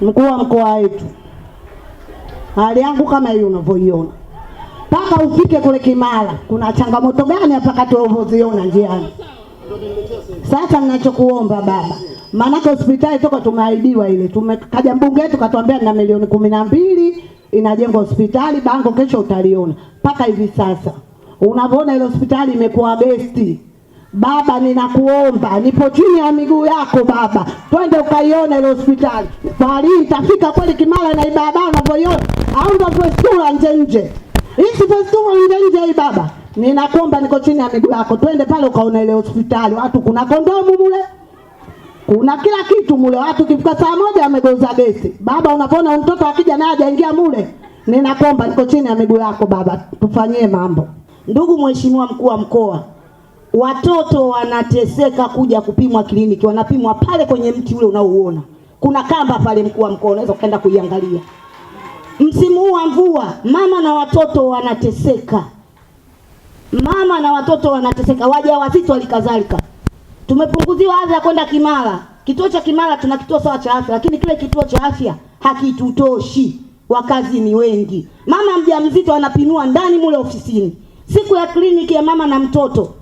mkuu wa mkoa wetu, hali yangu kama hiyo unavyoiona, mpaka ufike kule Kimara, kuna changamoto gani hapa kati unavyoziona njiani? Sasa ninachokuomba baba, maanake hospitali toka tumeahidiwa ile, tumekaja mbunge wetu katuambia na milioni kumi na mbili inajengwa hospitali, bango kesho utaliona. Mpaka hivi sasa unavyoona ile hospitali imekuwa besti Baba, ninakuomba nipo chini ya miguu yako Baba, twende ukaione ile hospitali bali itafika kweli Kimara na ibaba navyoiona au ndo vestura nje nje, hizi vestura nje nje hii Baba, ninakuomba niko chini ya miguu yako, twende pale ukaone ile hospitali. Watu kuna kondomu mule, kuna kila kitu mule. Watu kifika saa moja amegoza gesi Baba, unapona mtoto akija naye hajaingia mule, ninakuomba niko chini ya miguu yako Baba, tufanyie mambo. Ndugu Mheshimiwa mkuu wa mkoa Watoto wanateseka kuja kupimwa kliniki, wanapimwa pale kwenye mti ule unaouona, kuna kamba pale, mkuu wa mkoa, unaweza ukaenda kuiangalia. Msimu huu wa mvua, mama na watoto wanateseka, mama na watoto wanateseka, wajawazito halikadhalika. Tumepunguziwa adha ya kwenda Kimara, kituo cha Kimara tuna kituo sawa cha afya, lakini kile kituo cha afya hakitutoshi, wakazi ni wengi. Mama mjamzito anapinua ndani mule ofisini, siku ya kliniki ya mama na mtoto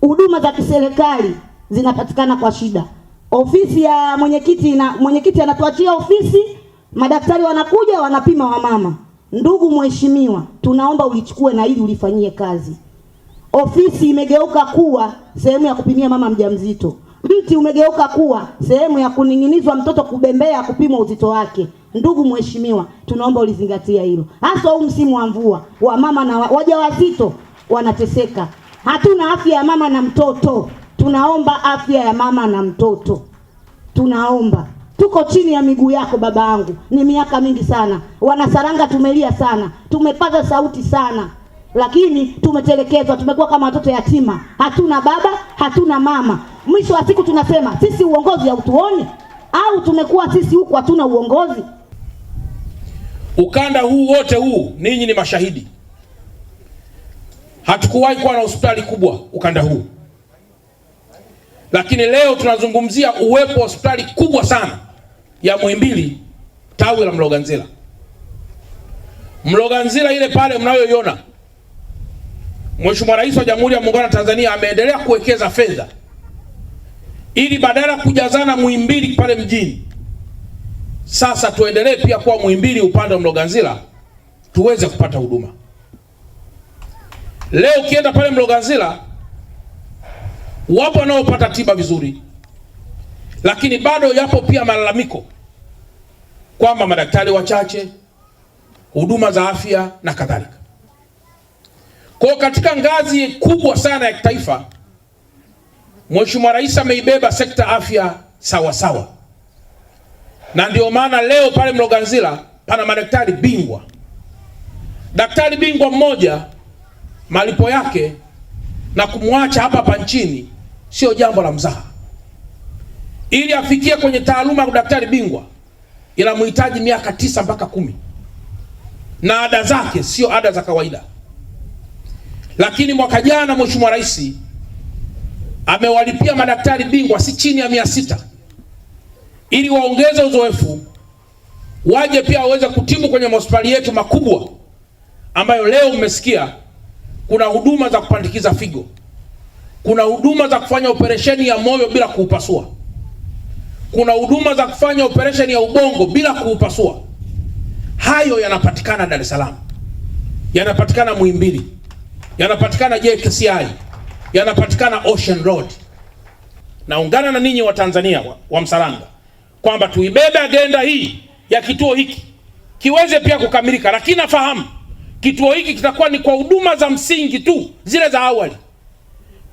huduma za kiserikali zinapatikana kwa shida. Ofisi ya mwenyekiti na mwenyekiti anatuachia ofisi, madaktari wanakuja wanapima wamama. Ndugu mheshimiwa, tunaomba ulichukue na ili ulifanyie kazi. Ofisi imegeuka kuwa sehemu ya kupimia mama mjamzito, mti umegeuka kuwa sehemu ya kuning'inizwa mtoto kubembea kupimwa uzito wake. Ndugu mheshimiwa, tunaomba ulizingatia hilo, hasa huu msimu wa mvua, wamama na wajawazito wanateseka. Hatuna afya ya mama na mtoto, tunaomba afya ya mama na mtoto, tunaomba tuko chini ya miguu yako baba yangu, ni miaka mingi sana. Wanasaranga tumelia sana, tumepaza sauti sana, lakini tumetelekezwa. Tumekuwa kama watoto yatima, hatuna baba, hatuna mama. Mwisho wa siku tunasema sisi uongozi hautuoni, au tumekuwa sisi huku hatuna uongozi. Ukanda huu wote huu, ninyi ni mashahidi. Hatukuwahi kuwa na hospitali kubwa ukanda huu, lakini leo tunazungumzia uwepo wa hospitali kubwa sana ya Muhimbili tawi la Mloganzila. Mloganzila ile pale mnayoiona, Mheshimiwa Rais wa Jamhuri ya Muungano wa Tanzania ameendelea kuwekeza fedha ili badala ya kujazana Muhimbili pale mjini, sasa tuendelee pia kuwa Muhimbili upande wa Mloganzila tuweze kupata huduma. Leo ukienda pale Mloganzila wapo wanaopata tiba vizuri, lakini bado yapo pia malalamiko kwamba madaktari wachache, huduma za afya na kadhalika. Kwa katika ngazi kubwa sana ya kitaifa, Mheshimiwa Rais ameibeba sekta afya sawa sawa, na ndio maana leo pale Mloganzila pana madaktari bingwa, daktari bingwa mmoja malipo yake na kumwacha hapa hapa nchini sio jambo la mzaha. Ili afikie kwenye taaluma ya udaktari bingwa inamhitaji miaka tisa mpaka kumi, na ada zake sio ada za kawaida. Lakini mwaka jana Mheshimiwa Rais amewalipia madaktari bingwa si chini ya mia sita ili waongeze uzoefu, waje pia waweze kutibu kwenye mahospitali yetu makubwa ambayo leo mmesikia kuna huduma za kupandikiza figo, kuna huduma za kufanya operesheni ya moyo bila kuupasua, kuna huduma za kufanya operesheni ya ubongo bila kuupasua. Hayo yanapatikana Dar es Salaam, yanapatikana Muhimbili, yanapatikana JKCI, yanapatikana Ocean Road. Naungana na ninyi Watanzania wa, wa Msalanga kwamba tuibebe agenda hii ya kituo hiki kiweze pia kukamilika, lakini nafahamu Kituo hiki kitakuwa ni kwa huduma za msingi tu zile za awali,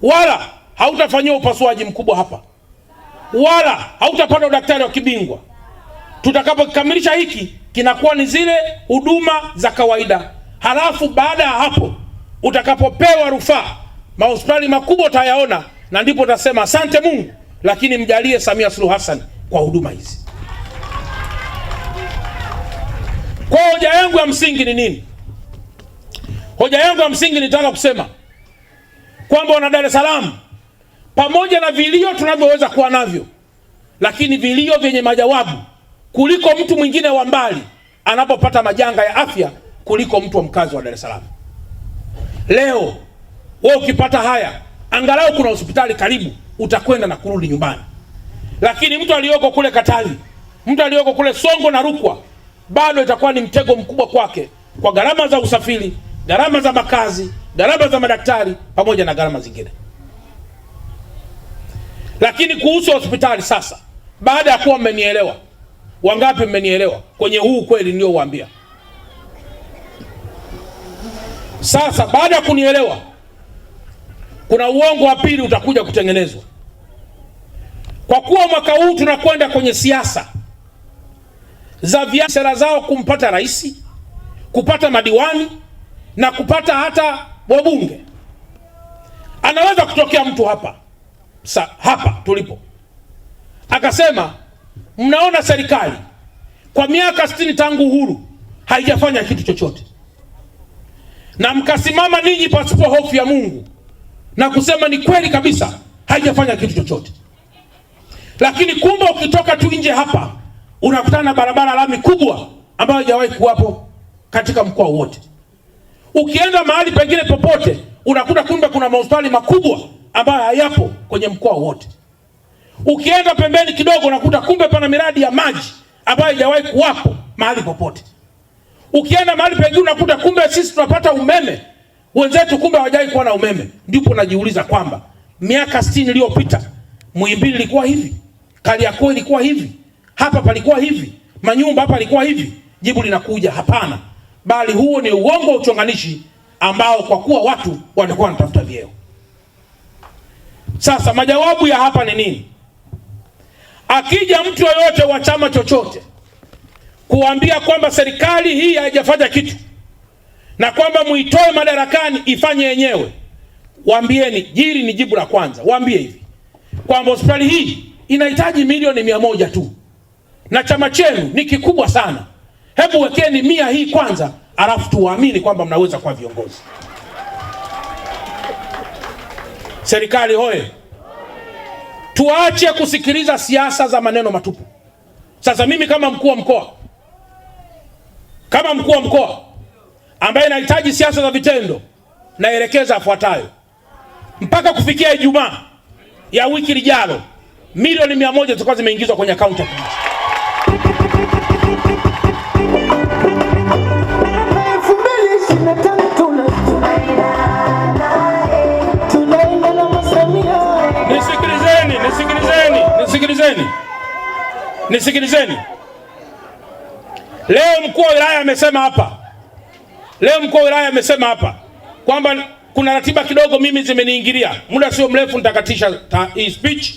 wala hautafanyiwa upasuaji mkubwa hapa, wala hautapata udaktari wa kibingwa. Tutakapokikamilisha hiki, kinakuwa ni zile huduma za kawaida. Halafu baada ya hapo, utakapopewa rufaa, mahospitali makubwa utayaona, na ndipo utasema asante Mungu, lakini mjalie Samia Suluhu Hassan kwa huduma hizi. Kwa hoja yangu ya msingi ni nini? Hoja yangu ya msingi nitaka kusema kwamba wana Dar es Salaam, pamoja na vilio tunavyoweza kuwa navyo, lakini vilio vyenye majawabu kuliko mtu mwingine wa mbali anapopata majanga ya afya kuliko mtu wa mkazi wa Dar es Salaam. Leo wewe ukipata haya, angalau kuna hospitali karibu, utakwenda na kurudi nyumbani, lakini mtu aliyoko kule Katavi, mtu aliyoko kule Songo na Rukwa, bado itakuwa ni mtego mkubwa kwake kwa gharama za usafiri gharama za makazi, gharama za madaktari pamoja na gharama zingine. Lakini kuhusu hospitali sasa, baada ya kuwa mmenielewa, wangapi mmenielewa kwenye huu kweli niliyowaambia? Sasa baada ya kunielewa, kuna uongo wa pili utakuja kutengenezwa. Kwa kuwa mwaka huu tunakwenda kwenye siasa za viasera zao kumpata rais, kupata madiwani na kupata hata wabunge. Anaweza kutokea mtu hapa sa, hapa tulipo akasema, mnaona serikali kwa miaka sitini tangu uhuru haijafanya kitu chochote, na mkasimama ninyi pasipo hofu ya Mungu na kusema ni kweli kabisa haijafanya kitu chochote. Lakini kumbe ukitoka tu nje hapa unakutana na barabara lami kubwa ambayo haijawahi kuwapo katika mkoa wote. Ukienda mahali pengine popote unakuta kumbe kuna mahospitali makubwa ambayo hayapo kwenye mkoa wote. Ukienda pembeni kidogo unakuta kumbe pana miradi ya maji ambayo haijawahi kuwapo mahali popote. Ukienda mahali pengine unakuta kumbe sisi tunapata umeme, wenzetu kumbe hawajawahi kuwa na umeme. Ndipo najiuliza kwamba miaka sitini iliyopita Muhimbili ilikuwa hivi, Kariakoo ilikuwa hivi, hapa palikuwa hivi, Manyumba hapa alikuwa hivi. Jibu linakuja hapana bali huo ni uongo wa uchonganishi ambao kwa kuwa watu walikuwa wanatafuta vyeo. Sasa majawabu ya hapa ni nini? Akija mtu yoyote wa chama chochote kuambia kwamba serikali hii haijafanya kitu na kwamba muitoe madarakani ifanye yenyewe, waambieni jiri ni jibu la kwanza. Waambie hivi kwamba hospitali hii inahitaji milioni mia moja tu na chama chenu ni kikubwa sana Hebu wekeni mia hii kwanza, alafu tuwaamini kwamba mnaweza kuwa viongozi. Serikali hoye! Tuache kusikiliza siasa za maneno matupu. Sasa mimi kama mkuu wa mkoa, kama mkuu wa mkoa ambaye nahitaji siasa za vitendo, naelekeza afuatayo: mpaka kufikia Ijumaa ya wiki lijalo, milioni mia moja zitakuwa zimeingizwa kwenye akaunti ya nisikilizeni. Leo mkuu wa wilaya amesema hapa, leo mkuu wa wilaya amesema hapa kwamba kuna ratiba kidogo mimi zimeniingilia, muda sio mrefu nitakatisha hii speech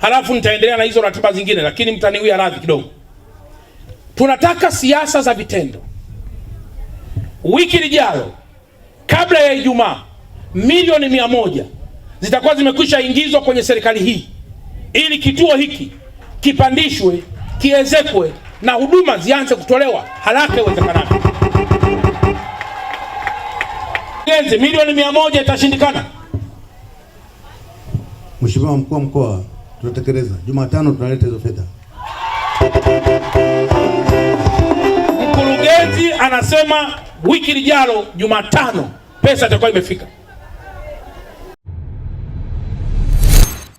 halafu nitaendelea na hizo ratiba zingine, lakini mtaniwia radhi kidogo. Tunataka siasa za vitendo. Wiki lijalo kabla ya Ijumaa, milioni mia moja zitakuwa zimekwisha ingizwa kwenye serikali hii ili kituo hiki kipandishwe kiezekwe na huduma zianze kutolewa haraka iwezekanavyo. Ujenzi milioni mia moja itashindikana. Mheshimiwa mkuu wa mkoa, tunatekeleza. Jumatano tunaleta hizo fedha. Mkurugenzi anasema wiki lijalo Jumatano pesa itakuwa imefika.